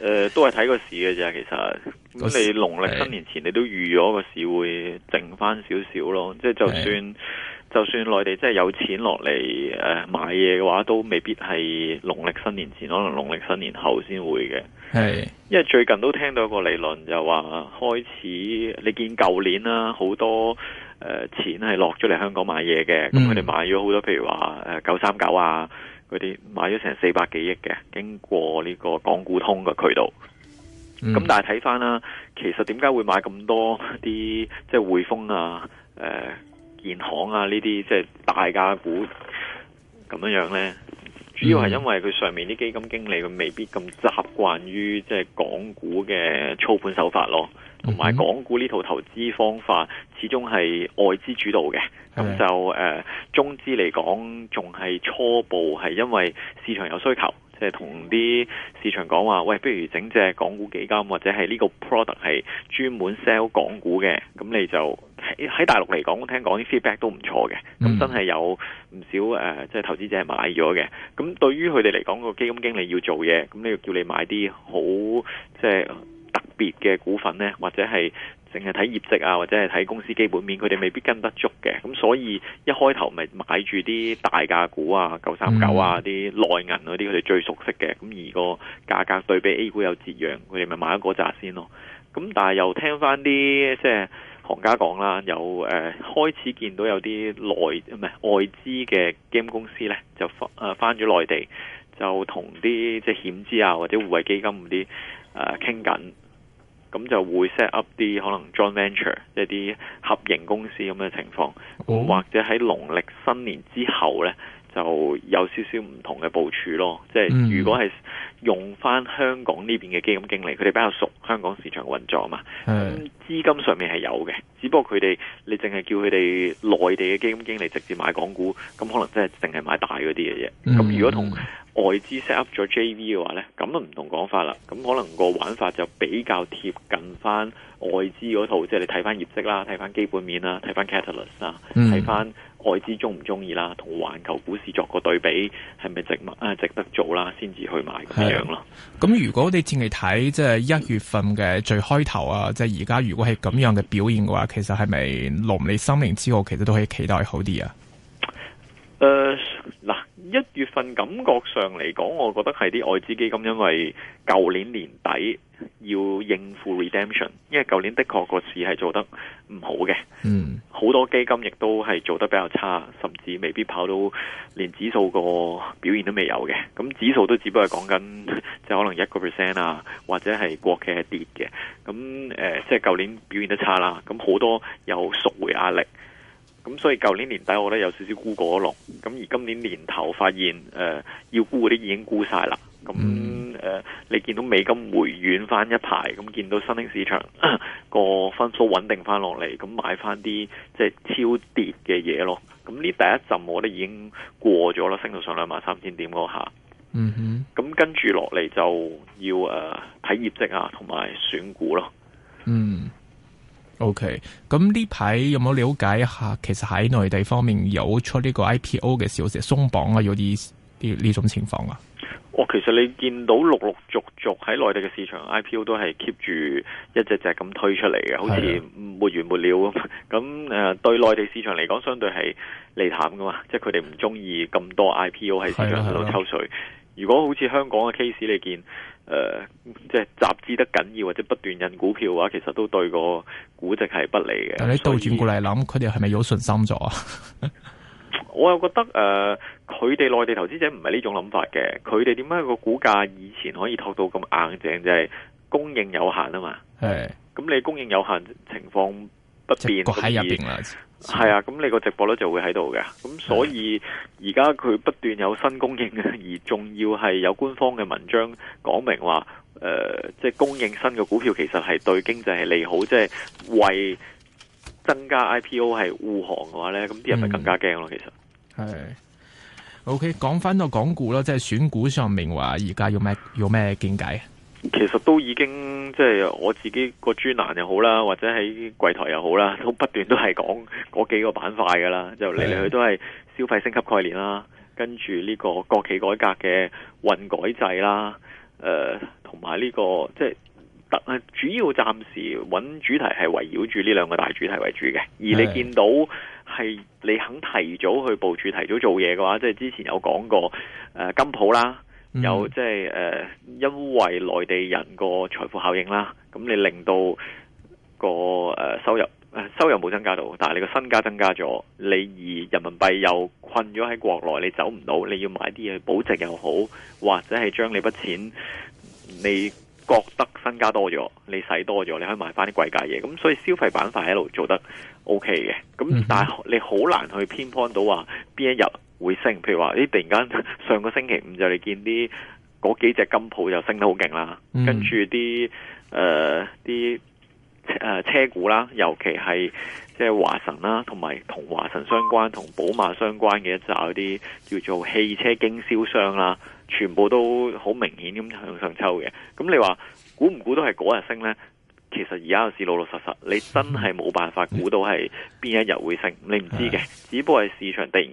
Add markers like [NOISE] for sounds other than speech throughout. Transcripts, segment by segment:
誒、呃，都係睇個市嘅啫，其實咁時你農曆新年前是你都預咗個市會剩翻少少咯，即係就算是就算內地真係有錢落嚟誒買嘢嘅話，都未必係農曆新年前，可能農曆新年後先會嘅。係是，因為最近都聽到一個理論就話開始，你見舊年啦好多誒錢係落咗嚟香港買嘢嘅，咁佢哋買咗好多，譬如話誒九三九啊。嗰啲買咗成四百幾億嘅，經過呢個港股通嘅渠道。咁、嗯、但係睇返啦，其實點解會買咁多啲即係匯豐啊、誒、呃、建行啊呢啲即係大價股咁樣樣咧？主要係因為佢上面啲基金經理佢未必咁習慣於即係港股嘅操盤手法咯，同埋港股呢套投資方法始終係外資主導嘅，咁就誒、呃、中資嚟講仲係初步係因為市場有需求，即係同啲市場講話，喂，不如整隻港股基金或者係呢個 product 係專門 sell 港股嘅，咁你就。喺大陸嚟講，聽講啲 feedback 都唔錯嘅，咁、嗯、真係有唔少誒、呃，即係投資者係買咗嘅。咁對於佢哋嚟講，個基金經理要做嘢，咁你要叫你買啲好即係特別嘅股份呢，或者係淨係睇業績啊，或者係睇公司基本面，佢哋未必跟得足嘅。咁所以一開頭咪買住啲大價股啊，九三九啊，啲、嗯、內銀嗰啲佢哋最熟悉嘅。咁而個價格對比 A 股有折讓，佢哋咪買嗰扎先咯。咁但係又聽翻啲即係。行家講啦，有誒、呃、開始見到有啲內唔係外資嘅 game 公司呢，就翻翻咗內地，就同啲即係險資啊或者護衞基金嗰啲誒傾緊，咁就會 set up 啲可能 joint venture 即啲合營公司咁嘅情況，或者喺農曆新年之後呢。就有少少唔同嘅部署咯，即係、嗯、如果係用翻香港呢邊嘅基金經理，佢哋比較熟香港市場運作嘛，咁資金上面係有嘅，只不過佢哋你淨係叫佢哋內地嘅基金經理直接買港股，咁可能真係淨係買大嗰啲嘅嘢，咁、嗯、如果同。外資 set up 咗 JV 嘅話咧，咁啊唔同講法啦。咁可能個玩法就比較貼近翻外資嗰套，即係你睇翻業績啦，睇翻基本面啦，睇翻 catalyst 啦，睇翻、嗯、外資中唔中意啦，同環球股市作個對比，係咪值啊值得做啦，先至去買咁樣咯。咁如果你凈係睇即係一月份嘅最開頭啊，即係而家如果係咁樣嘅表現嘅話，其實係咪農曆新年之後其實都可以期待好啲啊？誒嗱、呃。一月份感覺上嚟講，我覺得係啲外資基金，因為舊年年底要應付 redemption，因為舊年的確個市係做得唔好嘅，嗯，好多基金亦都係做得比較差，甚至未必跑到連指數個表現都未有嘅，咁指數都只不過係講緊即係可能一個 percent 啊，或者係國企係跌嘅，咁誒、呃，即係舊年表現得差啦，咁好多有贖回壓力。咁、嗯、所以舊年年底我都有少少沽過一輪，咁而今年年頭發現誒、呃、要沽嗰啲已經沽晒啦。咁、嗯、誒、嗯呃、你見到美金回軟翻一排，咁見到新興市場個分數穩定翻落嚟，咁買翻啲即係超跌嘅嘢咯。咁呢第一陣我哋已經過咗啦，升到上兩萬三千點嗰下。嗯哼。咁跟住落嚟就要誒睇業績啊，同埋選股咯。嗯。嗯嗯嗯 O K，咁呢排有冇了解一下？其實喺內地方面有出呢個 I P O 嘅消息鬆綁啊，有啲啲呢種情況啊。我、哦、其實你見到陸陸續續喺內地嘅市場 I P O 都係 keep 住一隻隻咁推出嚟嘅，好似沒完沒了咁。誒、啊 [LAUGHS] 呃，對內地市場嚟講，相對係利淡噶嘛，即係佢哋唔中意咁多 I P O 喺市場度、啊、抽水。如果好似香港嘅 case，你見，誒、呃，即係集資得緊要，或者不斷印股票嘅話，其實都對個估值係不利嘅。但你倒轉過嚟諗，佢哋係咪有信心咗啊？ [LAUGHS] 我又覺得，誒、呃，佢哋內地投資者唔係呢種諗法嘅。佢哋點解個股價以前可以托到咁硬淨，就係、是、供應有限啊嘛。係是。咁你供應有限情況？不變喺入邊啦，係啊，咁你個直播咧就會喺度嘅，咁所以而家佢不斷有新供應，而仲要係有官方嘅文章講明話，誒、 [MUSIC] 嗯 okay,，即係供應新嘅股票，其實係對經濟係利好，即係為增加 IPO 係護航嘅話咧，咁啲人咪更加驚咯，其實係。O K，講翻到港股啦，即係選股上面話，而家有咩有咩見解？其實都已經即係、就是、我自己個專欄又好啦，或者喺櫃台又好啦，都不斷都係講嗰幾個板塊噶啦，就嚟嚟去都係消費升級概念啦，跟住呢個國企改革嘅混改制啦，誒、呃，同埋呢個即係特啊，主要暫時揾主題係圍繞住呢兩個大主題為主嘅。而你見到係你肯提早去部署、提早做嘢嘅話，即、就、係、是、之前有講過誒、呃、金鋪啦，有即係誒、呃，因為內地人個財富效應啦，咁你令到個誒收入誒、呃、收入冇增加到，但係你個身家增加咗，你而人民幣又困咗喺國內，你走唔到，你要買啲嘢保值又好，或者係將你筆錢，你覺得身家多咗，你使多咗，你可以買翻啲貴價嘢，咁所以消費板塊喺度做得 OK 嘅，咁但係你好難去偏幫到話邊一日。會升，譬如話呢，突然間上個星期五就你見啲嗰幾隻金鋪又升得好勁啦，mm hmm. 跟住啲誒啲誒車股啦，尤其係即係華晨啦，同埋同華晨相關、同寶馬相關嘅一扎啲叫做汽車經銷商啦，全部都好明顯咁向上抽嘅。咁你話估唔估都係嗰日升呢？其實而家個市老老實實，你真係冇辦法估到係邊一日會升，你唔知嘅。的只不過係市場突然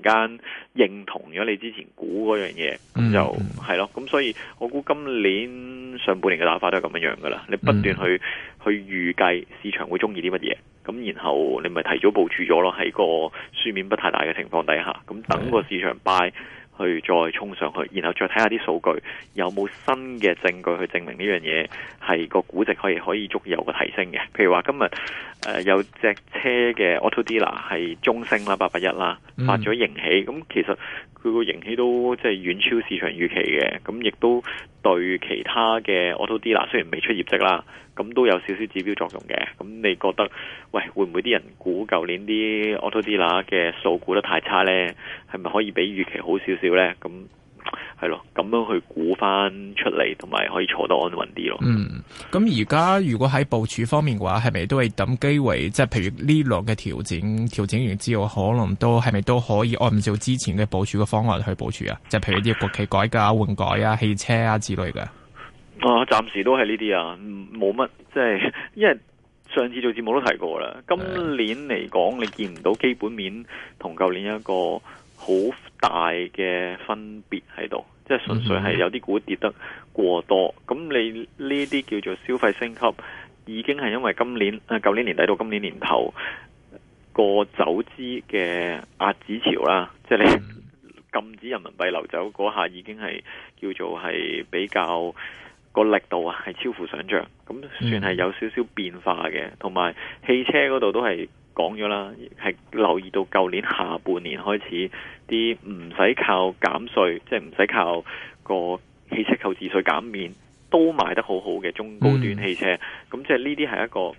間認同咗你之前估嗰樣嘢，咁就係咯。咁、嗯、所以我估今年上半年嘅打法都係咁樣樣噶啦。你不斷去、嗯、去預計市場會中意啲乜嘢，咁然後你咪提早部署咗咯。喺個輸面不太大嘅情況底下，咁等個市場 buy 去再衝上去，然後再睇下啲數據有冇新嘅證據去證明呢樣嘢係個估值可以可以足以有個提升嘅。譬如話今日誒、呃、有隻車嘅 auto dealer 係中升啦，八八一啦，發咗盈喜。咁其實佢個盈喜都即係遠超市場預期嘅。咁亦都。對其他嘅 Auto dealer 雖然未出業績啦，咁都有少少指標作用嘅。咁你覺得，喂，會唔會啲人估舊年啲 Auto dealer 嘅數估得太差呢？係咪可以比預期好少少呢？咁。係咯，咁樣去估翻出嚟，同埋可以坐得安穩啲咯。嗯，咁而家如果喺部署方面嘅話，係咪都係等機會？即係譬如呢輪嘅調整，調整完之後，可能都係咪都可以按照之前嘅部署嘅方案去部署啊？即係譬如啲國企改革、換改啊、汽車啊之類嘅。啊，暫時都係呢啲啊，冇乜，即係因為上次做節目都提過啦。今年嚟講，哎、你見唔到基本面同舊年一個好大嘅分別喺度。即係純粹係有啲股跌得過多，咁你呢啲叫做消費升級，已經係因為今年誒，舊年年底到今年年頭過走資嘅壓紙潮啦，即係你禁止人民幣流走嗰下，已經係叫做係比較個力度啊，係超乎想象，咁算係有少少變化嘅，同埋汽車嗰度都係。講咗啦，係留意到舊年下半年開始啲唔使靠減稅，即係唔使靠個汽車購置稅減免，都賣得好好嘅中高端汽車。咁、嗯、即係呢啲係一個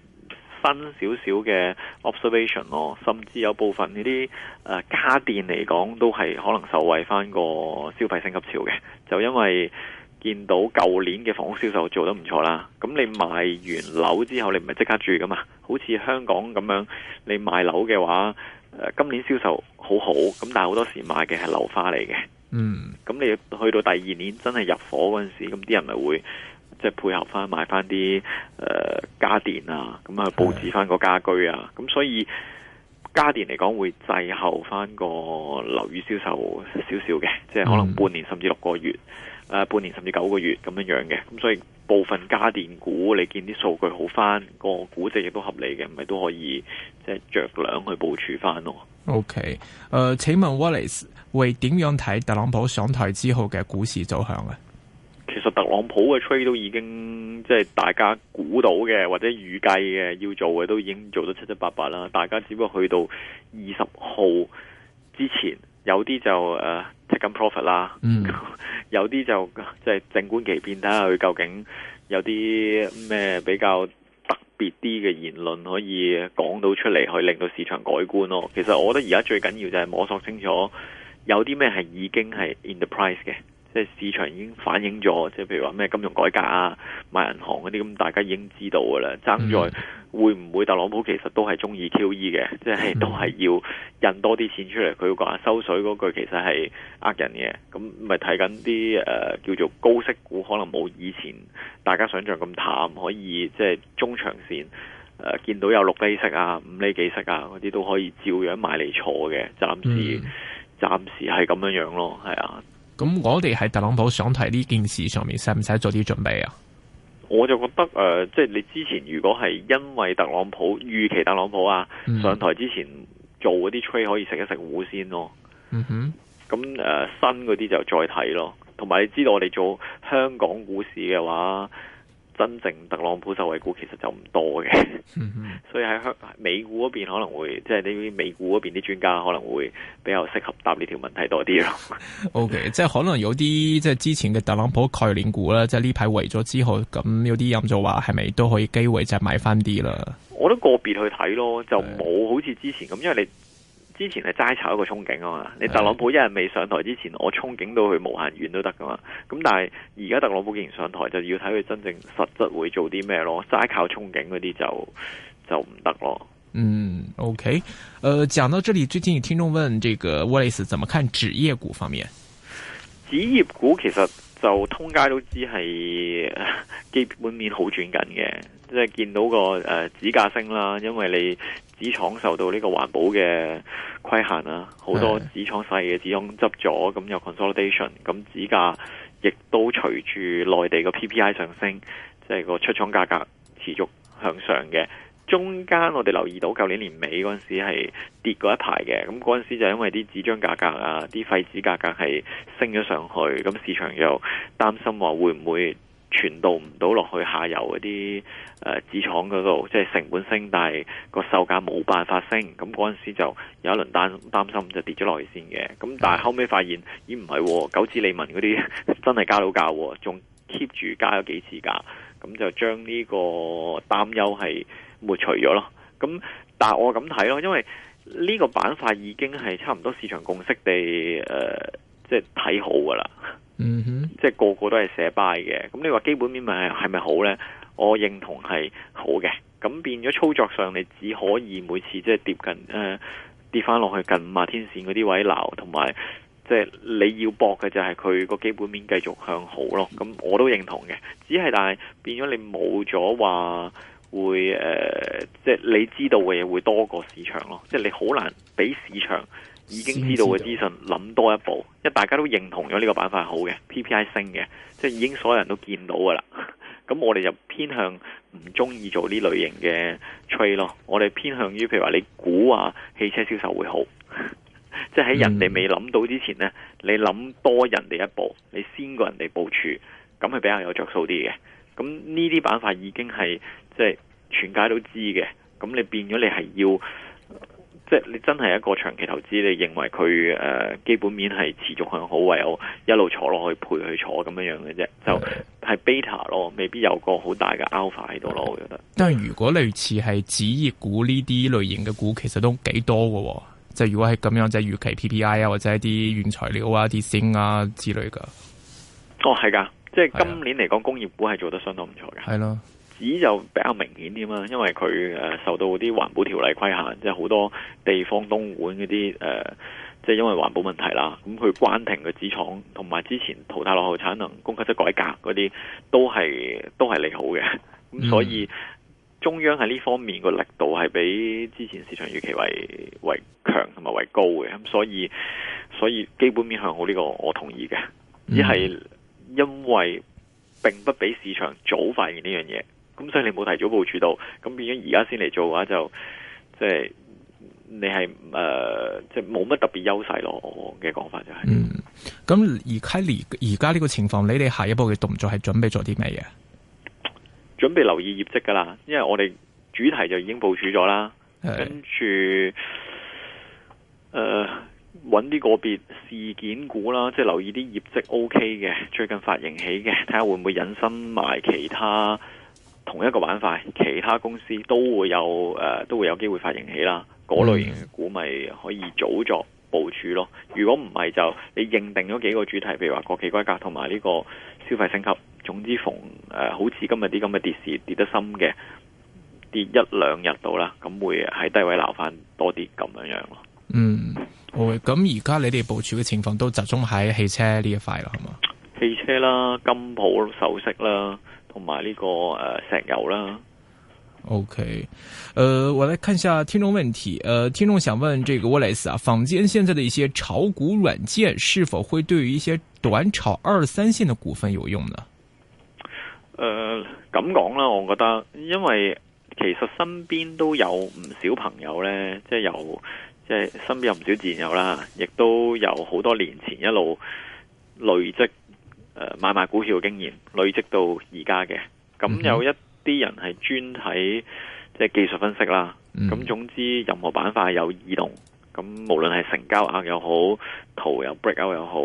新少少嘅 observation 咯。甚至有部分呢啲誒家電嚟講，都係可能受惠翻個消費升級潮嘅，就因為。見到舊年嘅房屋銷售做得唔錯啦，咁你賣完樓之後，你唔係即刻住㗎嘛？好似香港咁樣，你賣樓嘅話、呃，今年銷售好好，咁但係好多時賣嘅係樓花嚟嘅。嗯，咁你去到第二年真係入伙嗰陣時，咁啲人咪會即係、就是、配合返買返啲誒家電啊，咁啊佈置返個家居啊，咁是所以家電嚟講會滯後返個樓宇銷售少少嘅，即係可能半年、嗯、甚至六個月。誒、啊、半年甚至九個月咁樣樣嘅，咁、嗯、所以部分家電股你見啲數據好翻，個估值亦都合理嘅，咪都可以即係酌量去部署翻咯。OK，誒、呃、請問 Wallace 會點樣睇特朗普上台之後嘅股市走向啊？其實特朗普嘅 trade 都已經即係大家估到嘅，或者預計嘅要做嘅，都已經做得七七八八啦。大家只不過去到二十號之前。有啲就誒 take 咁 profit 啦，嗯， [LAUGHS] 有、uh, 啲就即係靜觀其變，睇下佢究竟有啲咩比較特別啲嘅言論可以講到出嚟，去令到市場改觀咯。其實我覺得而家最緊要就係摸索清楚有啲咩係已經係 in the price 嘅。即係市場已經反映咗，即係譬如話咩金融改革啊、買銀行嗰啲，咁大家已經知道㗎啦。爭在會唔會特朗普其實都係中意 QE 嘅，即係都係要印多啲錢出嚟。佢要講收水嗰句其實係呃人嘅。咁咪睇緊啲誒叫做高息股，可能冇以前大家想像咁淡，可以即係中長線誒、呃、見到有六厘息啊、五厘幾息啊嗰啲都可以照樣買嚟坐嘅。暫時、嗯、暫時係咁樣樣咯，係啊。咁我哋喺特朗普上台呢件事上面使唔使做啲準備啊？我就覺得誒、呃，即係你之前如果係因為特朗普預期特朗普啊、嗯、哼上台之前做嗰啲 trade 可以食一食糊先咯。嗯哼，咁誒、呃、新嗰啲就再睇咯。同埋你知道我哋做香港股市嘅話。真正特朗普受惠股其實就唔多嘅，嗯、哼所以喺香美股嗰邊可能會，即係啲美股嗰邊啲專家可能會比較適合答呢條問題多啲咯。OK，即係可能有啲即係之前嘅特朗普概念股啦，即係呢排圍咗之後，咁有啲人就話係咪都可以機會就買翻啲啦？我都個別去睇咯，就冇好似之前咁，因為你。之前係齋炒一個憧憬啊嘛，你特朗普一日未上台之前，我憧憬到佢無限遠都得㗎嘛。咁但係而家特朗普既然上台，就要睇佢真正實質會做啲咩咯。齋靠憧憬嗰啲就就唔得咯。嗯，OK，誒、呃，講到這裡，最近有聽眾問這個 Wallace 怎麼看紙業股方面？紙業股其實就通街都知係基本面好轉緊嘅。即係見到個誒紙、呃、價升啦，因為你紙廠受到呢個環保嘅規限啦、啊，好多的紙廠細嘅紙廠執咗，咁有 consolidation，咁、嗯、紙價亦都隨住內地嘅 PPI 上升，即係個出廠價格持續向上嘅。中間我哋留意到舊年年尾嗰陣時係跌過一排嘅，咁嗰陣時就因為啲紙張價格啊、啲廢紙價格係升咗上去，咁、嗯、市場又擔心話會唔會？傳導唔到落去下游嗰啲誒紙廠嗰度，即係成本升，但係個售價冇辦法升。咁嗰陣時就有一輪擔擔心，就跌咗落去先嘅。咁但係後尾發現咦唔係，九紙理文嗰啲 [LAUGHS] 真係加到價，仲 keep 住加咗幾次價。咁就將呢個擔憂係抹除咗咯。咁但係我咁睇咯，因為呢個板塊已經係差唔多市場共識地誒，即係睇好噶啦。嗯哼，即係個個都係寫 buy 嘅，咁你話基本面咪係咪好呢？我認同係好嘅，咁變咗操作上你只可以每次即係跌近誒、呃、跌翻落去近五啊天線嗰啲位撈，同埋即係你要搏嘅就係佢個基本面繼續向好咯。咁我都認同嘅，只係但係變咗你冇咗話會誒、呃，即係你知道嘅嘢會多過市場咯，即係你好難俾市場，已經知道嘅資訊，諗多一步，因為大家都認同咗呢個板塊好嘅，PPI 升嘅，即係已經所有人都見到噶啦。咁我哋就偏向唔中意做呢類型嘅 trade 咯。我哋偏向於譬如話你估下汽車銷售會好，即係喺人哋未諗到之前呢，你諗多人哋一步，你先過人哋部署，咁係比較有着數啲嘅。咁呢啲板塊已經係即係全街都知嘅，咁你變咗你係要。即係你真係一個長期投資，你認為佢誒、呃、基本面係持續向好，唯有一路坐落去陪佢坐咁樣樣嘅啫，的就係 beta 咯，未必有個好大嘅 alpha 喺度咯，的我覺得。但係如果類似係紙業股呢啲類型嘅股，其實都幾多嘅，即係如果係咁樣，即係預期 PPI 啊，或者一啲原材料啊、啲升啊之類嘅。哦，係噶，即係今年嚟講，工業股係做得相當唔錯嘅。係咯的。紙就比較明顯啲嘛，因為佢誒、呃、受到啲環保條例規限，即係好多地方東莞嗰啲誒，即係因為環保問題啦，咁、嗯、佢關停個紙廠，同埋之前淘汰落後產能、供給側改革嗰啲，都係都係利好嘅。咁、嗯、所以中央喺呢方面個力度係比之前市場預期為為強同埋為高嘅。咁、嗯、所以所以基本面向好呢個我同意嘅，只係因為並不比市場早發現呢樣嘢。咁所以你冇提早部署到，咁變咗而家先嚟做嘅話就，就即係你係誒，即係冇乜特別優勢咯。我嘅講法就係。嗯，咁而而家呢個情況，你哋下一步嘅動作係準備咗啲咩嘢？準備留意業績噶啦，因為我哋主題就已經部署咗啦，的跟住誒揾啲個別事件股啦，即係留意啲業績 OK 嘅，最近發盈喜嘅，睇下會唔會引申埋其他。同一個板塊，其他公司都會有誒、呃，都會有機會發盈喜啦。嗰類型股咪可以早作部署咯。如果唔係就你認定咗幾個主題，譬如話國企改革同埋呢個消費升級，總之逢誒、呃，好似今日啲咁嘅跌市跌得深嘅，跌一兩日度啦，咁會喺低位撈翻多啲咁樣樣咯。嗯，會。咁而家你哋部署嘅情況都集中喺汽車呢一塊咯，係嘛？汽車啦，金鋪首飾啦。同埋呢個誒、呃、石油啦。OK，誒、呃，我來看一下聽眾問題。誒、呃，聽眾想問這個 Wallace 啊，坊間現在的一些炒股軟件是否會對於一些短炒二三線的股份有用呢？誒、呃，咁講啦，我覺得，因為其實身邊都有唔少朋友呢，即係有即係身邊有唔少戰友啦，亦都有好多年前一路累積。誒，買賣股票經驗累積到而家嘅，咁有一啲人係專睇即係技術分析啦。咁、嗯、總之，任何板塊有異動，咁無論係成交額又好，圖又 breakout 又好，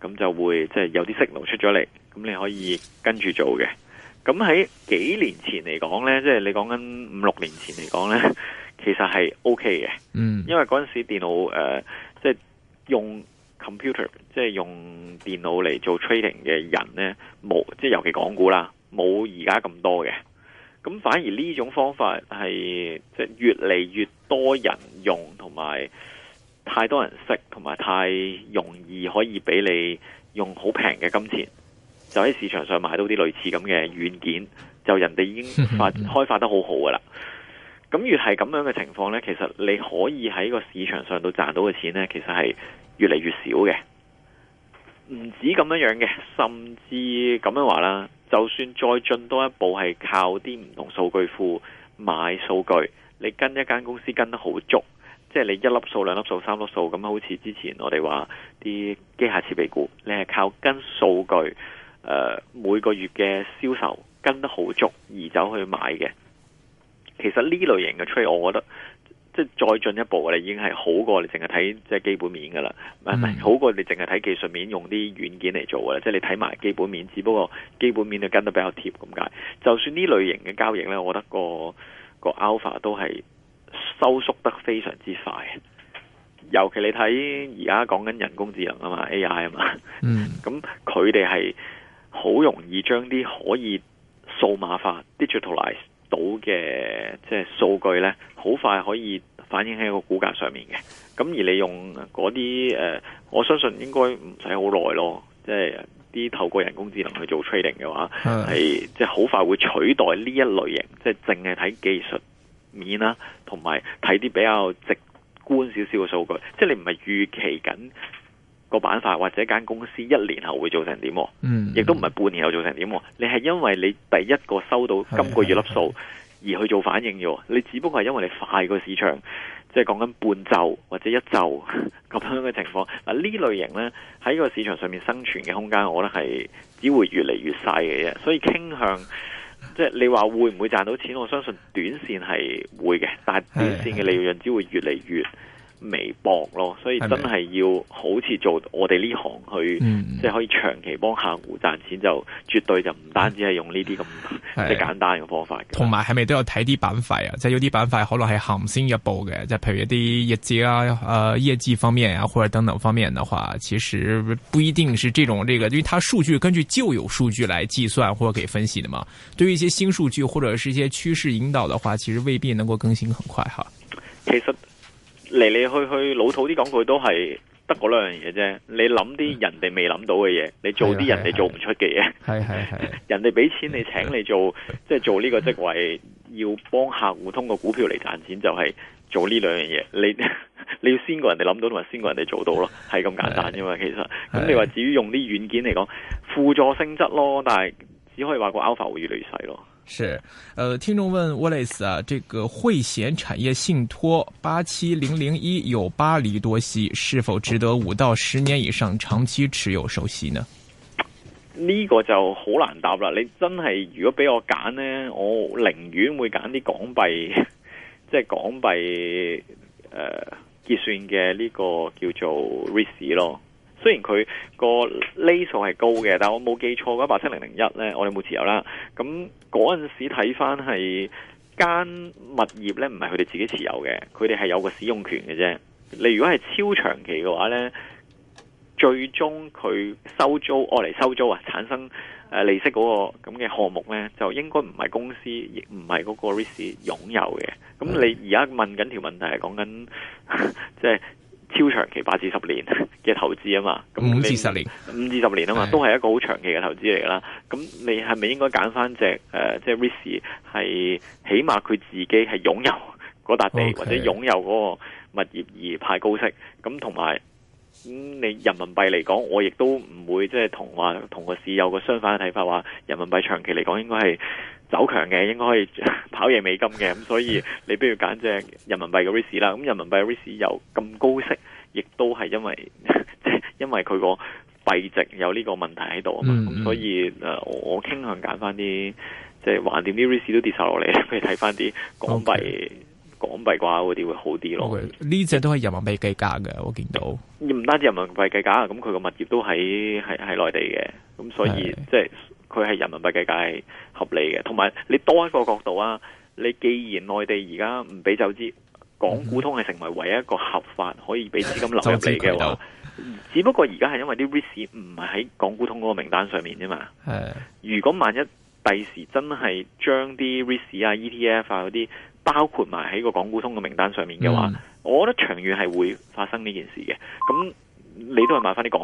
咁就會即係有啲息流出咗嚟，咁你可以跟住做嘅。咁喺幾年前嚟講呢，即係你講緊五六年前嚟講呢，其實係 OK 嘅。嗯，因為嗰陣時電腦誒、呃，即係用。computer 即係用電腦嚟做 trading 嘅人呢，冇即係尤其港股啦，冇而家咁多嘅。咁反而呢種方法係即係越嚟越多人用，同埋太多人識，同埋太容易可以俾你用好平嘅金錢，就喺市場上買到啲類似咁嘅軟件，就人哋已經發開發得好好㗎啦。咁越係咁樣嘅情況呢，其實你可以喺個市場上度賺到嘅錢呢，其實係。越嚟越少嘅，唔止咁樣樣嘅，甚至咁樣話啦，就算再進多一步，係靠啲唔同數據庫買數據，你跟一間公司跟得好足，即係你一粒數、兩粒數、三粒數，咁好似之前我哋話啲機械設備股，你係靠跟數據，誒、呃、每個月嘅銷售跟得好足而走去買嘅，其實呢類型嘅 trade，我覺得。即係再進一步，你已經係好過你淨係睇即係基本面噶啦，唔係、嗯、好過你淨係睇技術面，用啲軟件嚟做㗎啦。即係你睇埋基本面，只不過基本面就跟得比較貼咁解。就算呢類型嘅交易呢，我覺得個個 alpha 都係收縮得非常之快。尤其你睇而家講緊人工智能啊嘛，AI 啊嘛，咁佢哋係好容易將啲可以數碼化 digitalize。Digital ize, 到嘅即係數據呢，好快可以反映喺個股價上面嘅。咁而你用嗰啲誒，我相信應該唔使好耐咯。即係啲透過人工智能去做 trading 嘅話，係即係好快會取代呢一類型，即係淨係睇技術面啦，同埋睇啲比較直觀少少嘅數據。即係你唔係預期緊。個板塊或者間公司一年後會做成點？嗯，亦都唔係半年後做成點。你係因為你第一個收到今個月粒數而去做反應嘅，你只不過係因為你快過市場，即係講緊半週或者一週咁 [LAUGHS] 樣嘅情況。嗱，呢類型呢喺個市場上面生存嘅空間，我覺得係只會越嚟越細嘅啫。所以傾向即係、就是、你話會唔會賺到錢？我相信短線係會嘅，但係短線嘅利潤只會越嚟越。微博咯，所以真係要好似做我哋呢行去，沒即係可以長期幫客戶賺錢，就、嗯、絕對就唔單止係用呢啲咁即係簡單嘅方法。同埋係咪都有睇啲板塊啊？即係有啲板塊可能係行先一步嘅，即係譬如一啲業績啊、誒、呃、業績方面啊，或者等等方面嘅話，其實不一定是這種這個，因為它數據根據舊有數據來計算或者去分析嘅嘛。對於一些新數據或者是一些趨勢引導嘅話，其實未必能夠更新很快哈。其實。嚟嚟去去老土啲講句都係得嗰兩樣嘢啫。你諗啲人哋未諗到嘅嘢，你做啲人哋做唔出嘅嘢。係係係。人哋俾錢你請你做，即係做呢個職位，要幫客戶通過股票嚟賺錢，就係做呢兩樣嘢。你 [LAUGHS] 你要先過人哋諗到，同埋先過人哋做到咯，係咁 [LAUGHS] 簡單咋嘛。其實咁是是 你話至於用啲軟件嚟講，輔助性質咯，但係只可以話個 alpha 會越嚟越細咯。是，呃，聽眾問 Wallace 啊，這個匯賢產業信託八七零零一有八厘多息，是否值得五到十年以上長期持有收息呢？呢個就好難答啦，你真係如果俾我揀呢，我寧願會揀啲港幣，即係港幣誒、呃、結算嘅呢個叫做 REIT 咯。雖然佢個 lease 數係高嘅，但我冇記錯嘅八七零零一呢，我哋冇持有啦？咁嗰陣時睇翻係間物業呢，唔係佢哋自己持有嘅，佢哋係有個使用權嘅啫。你如果係超長期嘅話呢，最終佢收租，我嚟收租啊，產生誒利息嗰個咁嘅項目呢，就應該唔係公司，亦唔係嗰個 REIT 擁有嘅。咁你而家問緊條問題係講緊即係。講 [LAUGHS] 超長期八至十年嘅投資啊嘛，嗯、五至十年，五至十年啊嘛，是的 都係一個好長期嘅投資嚟㗎啦。咁、嗯、你係咪應該揀翻隻誒，即係 Rishi 係起碼佢自己係擁有嗰笪地 Okay. 或者擁有嗰個物業而派高息？咁同埋咁你人民幣嚟講，我亦都唔會即係同話同個市有個相反嘅睇法，話人民幣長期嚟講應該係。走強嘅，應該可以跑贏美金嘅，咁 [LAUGHS] 所以你不如揀隻人民幣嘅 REITs 啦。咁人民幣嘅 REITs 又咁高息，亦都係因為即係因為佢個幣值有呢個問題喺度啊嘛。咁、嗯、所以誒，我傾向揀翻啲即係橫掂啲 REITs 都跌晒落嚟，不如睇翻啲港幣 Okay. 港幣掛嗰啲會好啲咯。呢隻、okay. 都係人民幣計價嘅，我見到。唔單止人民幣計價，咁佢個物業都喺喺喺內地嘅，咁所以即係。佢係人民幣計價係合理嘅，同埋你多一個角度啊！你既然內地而家唔俾就接港股通係成為唯一一個合法可以俾資金流入嚟嘅話， [LAUGHS] 拐只不過而家係因為啲 risk 唔係喺港股通個名單上面啫嘛。係。 [LAUGHS] 如果萬一第時真係將啲 risk 啊、ETF 啊啲包括埋喺個港股通嘅名單上面嘅話， [LAUGHS] 嗯、我覺得長遠係會發生呢件事嘅。咁你都係買翻啲港。